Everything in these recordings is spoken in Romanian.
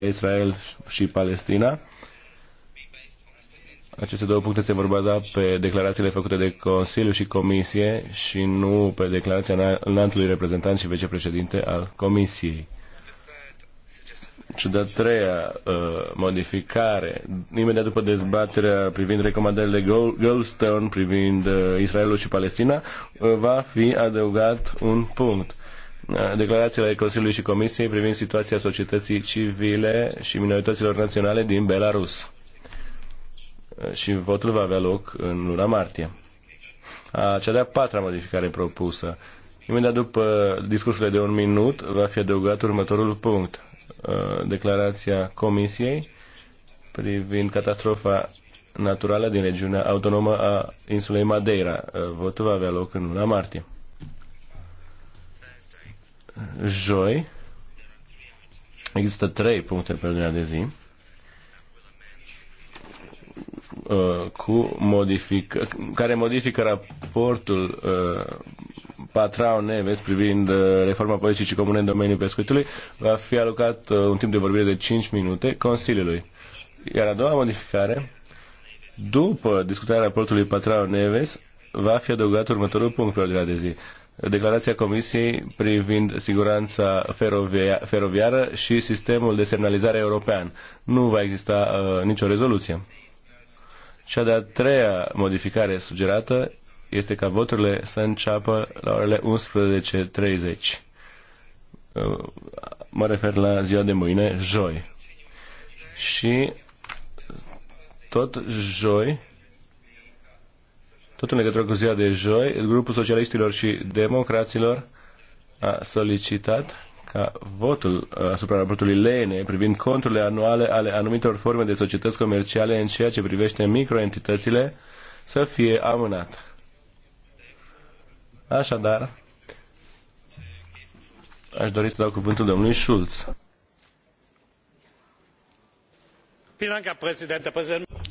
Israel și Palestina. Aceste două puncte se vor baza pe declarațiile făcute de Consiliu și Comisie și nu pe declarația înaltului reprezentant și vicepreședinte al Comisiei. Și de-a treia uh, modificare, imediat după dezbaterea privind recomandările Goldstone privind uh, Israelul și Palestina, uh, va fi adăugat un punct. Uh, declarațiile Consiliului și Comisiei privind situația societății civile și minorităților naționale din Belarus. Și votul va avea loc în luna martie. A, cea de-a patra modificare propusă. Imediat după discursurile de un minut va fi adăugat următorul punct. Declarația Comisiei privind catastrofa naturală din regiunea autonomă a insulei Madeira. Votul va avea loc în luna martie joi există trei puncte pe ordinea de zi uh, cu modific care modifică raportul uh, Patrao Neves privind uh, reforma politicii comune în domeniul pescuitului va fi alocat un timp de vorbire de 5 minute Consiliului. Iar a doua modificare, după discutarea raportului Patrao Neves, va fi adăugat următorul punct pe ordinea de zi declarația Comisiei privind siguranța ferovia, feroviară și sistemul de semnalizare european. Nu va exista uh, nicio rezoluție. Cea de-a treia modificare sugerată este ca voturile să înceapă la orele 11.30. Uh, mă refer la ziua de mâine, joi. Și tot joi, tot în legătură cu ziua de joi, grupul socialiștilor și democraților a solicitat ca votul uh, asupra raportului Lene privind conturile anuale ale anumitor forme de societăți comerciale în ceea ce privește microentitățile să fie amânat. Așadar, aș dori să dau cuvântul domnului Schulz.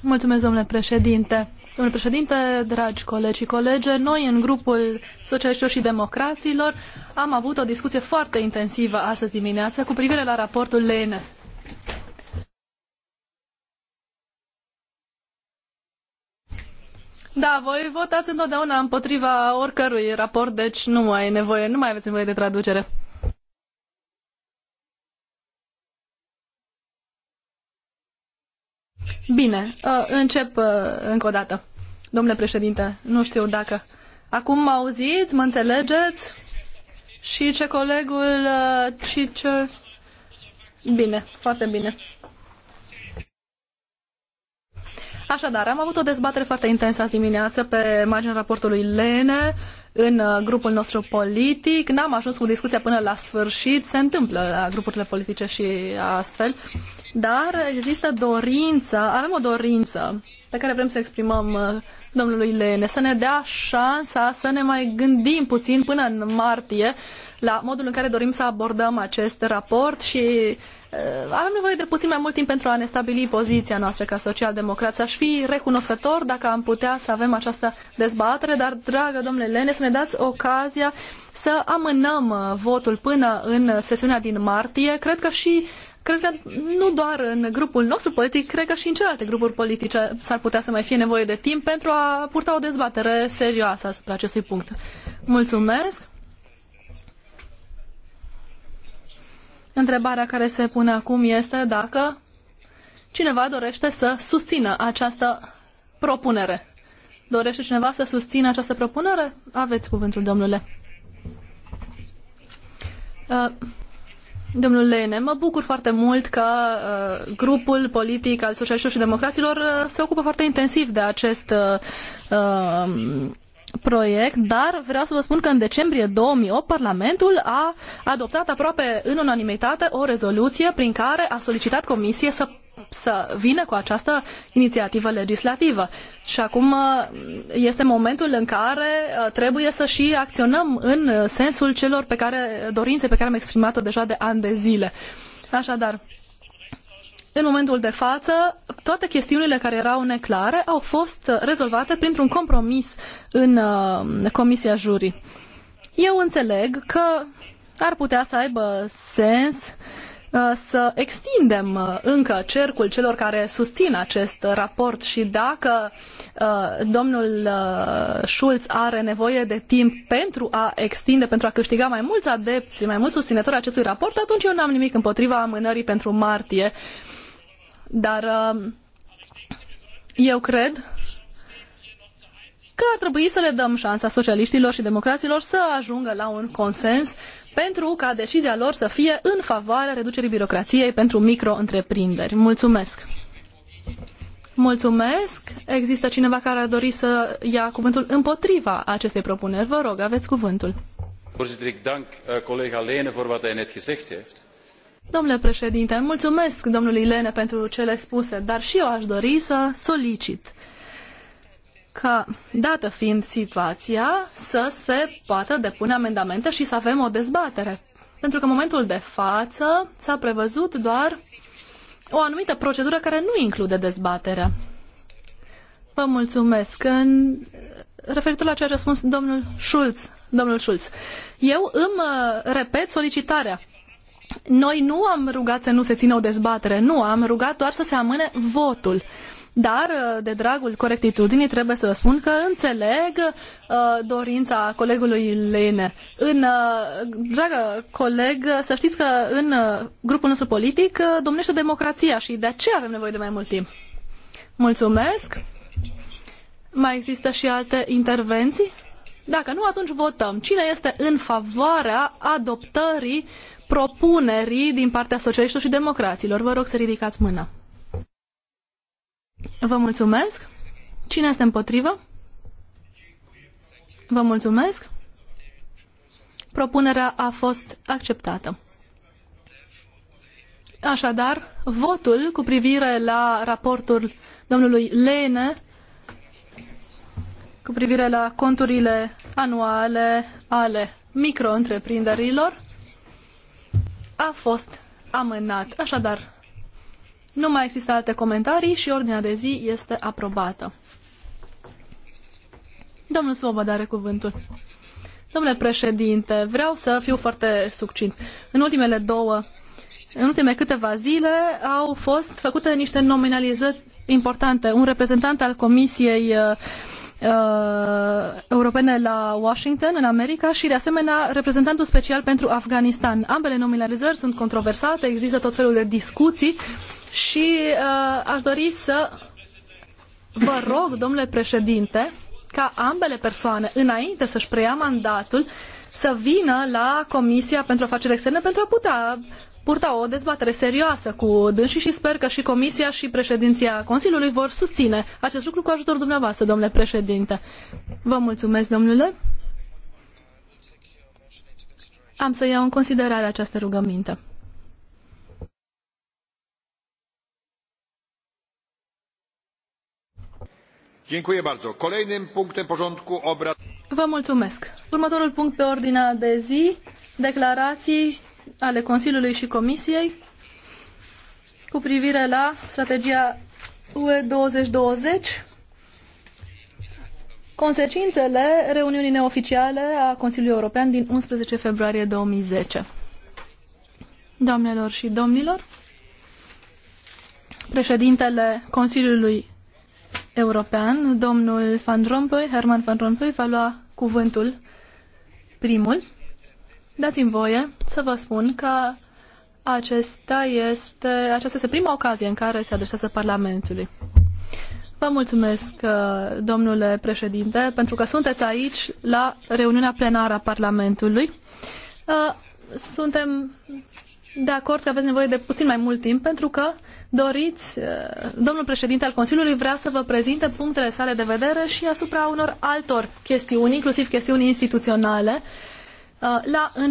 Mulțumesc, domnule președinte. Domnule președinte, dragi colegi și colege, noi în grupul Socialiștilor și Democraților am avut o discuție foarte intensivă astăzi dimineață cu privire la raportul Lene. Da, voi votați întotdeauna împotriva oricărui raport, deci nu mai e nevoie, nu mai aveți nevoie de traducere. Bine, uh, încep uh, încă o dată. Domnule președinte, nu știu dacă... Acum mă auziți, mă înțelegeți? Și ce colegul Cicer... Uh, bine, foarte bine. Așadar, am avut o dezbatere foarte intensă azi dimineață pe marginea raportului Lene în uh, grupul nostru politic. N-am ajuns cu discuția până la sfârșit. Se întâmplă la grupurile politice și astfel. Dar există dorință, avem o dorință pe care vrem să o exprimăm uh, domnului Lene, să ne dea șansa să ne mai gândim puțin până în martie la modul în care dorim să abordăm acest raport și uh, avem nevoie de puțin mai mult timp pentru a ne stabili poziția noastră ca socialdemocrați. Aș fi recunoscător dacă am putea să avem această dezbatere, dar, dragă domnule Lene, să ne dați ocazia să amânăm uh, votul până în sesiunea din martie. Cred că și cred că nu doar în grupul nostru politic, cred că și în celelalte grupuri politice s-ar putea să mai fie nevoie de timp pentru a purta o dezbatere serioasă asupra acestui punct. Mulțumesc! Întrebarea care se pune acum este dacă cineva dorește să susțină această propunere. Dorește cineva să susțină această propunere? Aveți cuvântul, domnule. Uh, domnul Lene, mă bucur foarte mult că uh, grupul politic al socialiștilor și democraților uh, se ocupă foarte intensiv de acest uh, uh proiect, dar vreau să vă spun că în decembrie 2008 Parlamentul a adoptat aproape în unanimitate o rezoluție prin care a solicitat Comisiei să să vină cu această inițiativă legislativă. Și acum uh, este momentul în care uh, trebuie să și acționăm în uh, sensul celor pe care, dorințe pe care am exprimat-o deja de ani de zile. Așadar, în momentul de față, toate chestiunile care erau neclare au fost rezolvate printr-un compromis în uh, Comisia Jurii. Eu înțeleg că ar putea să aibă sens uh, să extindem uh, încă cercul celor care susțin acest raport și dacă uh, domnul uh, Schulz are nevoie de timp pentru a extinde, pentru a câștiga mai mulți adepți, mai mulți susținători acestui raport, atunci eu n-am nimic împotriva amânării pentru martie. Uh, dar um, eu cred că ar trebui să le dăm șansa socialiștilor și democraților să ajungă la un consens pentru ca decizia lor să fie în favoarea reducerii birocrației pentru micro-întreprinderi. Mulțumesc! Mulțumesc! Există cineva care a dori să ia cuvântul împotriva acestei propuneri. Vă rog, aveți cuvântul. Voorzitter, ik dank eh, collega Lene voor wat hij net gezegd heeft. Domnule președinte, mulțumesc domnului Lene pentru cele spuse, dar și eu aș dori să solicit ca, dată fiind situația, să se poată depune amendamente și să avem o dezbatere. Pentru că în momentul de față s-a prevăzut doar o anumită procedură care nu include dezbaterea. Vă mulțumesc. În... Referitor la ceea ce a spus domnul Schulz, domnul Schulz, eu îmi uh, repet solicitarea noi nu am rugat să nu se țină o dezbatere, nu, am rugat doar să se amâne votul. Dar, uh, de dragul corectitudinii, trebuie să spun că înțeleg uh, dorința colegului Lene. În, uh, dragă coleg, să știți că în uh, grupul nostru politic uh, domnește democrația și de aceea avem nevoie de mai mult timp. Mulțumesc. Mai există și alte intervenții? Dacă nu, atunci votăm. Cine este în favoarea adoptării propunerii din partea socialiștilor și democraților? Vă rog să ridicați mâna. Vă mulțumesc. Cine este împotrivă? Vă mulțumesc. Propunerea a fost acceptată. Așadar, votul cu privire la raportul domnului Lene cu privire la conturile anuale ale micro-întreprinderilor a fost amânat. Așadar, nu mai există alte comentarii și ordinea de zi este aprobată. Domnul Svoboda are cuvântul. Domnule președinte, vreau să fiu foarte succint. În ultimele două, în ultimele câteva zile au fost făcute niște nominalizări importante. Un reprezentant al Comisiei uh, uh, europene la Washington, în America, și, de asemenea, reprezentantul special pentru Afganistan. Ambele nominalizări sunt controversate, există tot felul de discuții și uh, aș dori să vă rog, domnule președinte, ca ambele persoane, înainte să-și preia mandatul, uh, să vină la Comisia pentru Afaceri Externe pentru a putea purta o dezbatere serioasă cu dânsii și sper că și Comisia și președinția Consiliului vor susține acest lucru cu ajutorul dumneavoastră, domnule președinte. Vă mulțumesc, domnule. Am să iau în considerare această rugăminte. Dziękuję bardzo. Kolejnym punktem porządku obrad Vă mulțumesc. Următorul punct pe ordinea de zi, declarații ale Consiliului și Comisiei cu privire la strategia UE 2020, consecințele reuniunii neoficiale a Consiliului European din 11 februarie 2010. Doamnelor și domnilor, președintele Consiliului European, domnul Van Rompuy, Herman Van Rompuy, va lua cuvântul primul. Dați-mi voie să vă spun că acesta este, aceasta este prima ocazie în care se adresează Parlamentului. Vă mulțumesc, uh, domnule președinte, pentru că sunteți aici la reuniunea plenară a Parlamentului. Uh, suntem de acord că aveți nevoie de puțin mai mult timp pentru că doriți, uh, domnul președinte al Consiliului vrea să vă prezinte punctele sale de vedere și asupra unor altor chestiuni, inclusiv chestiuni instituționale, uh, la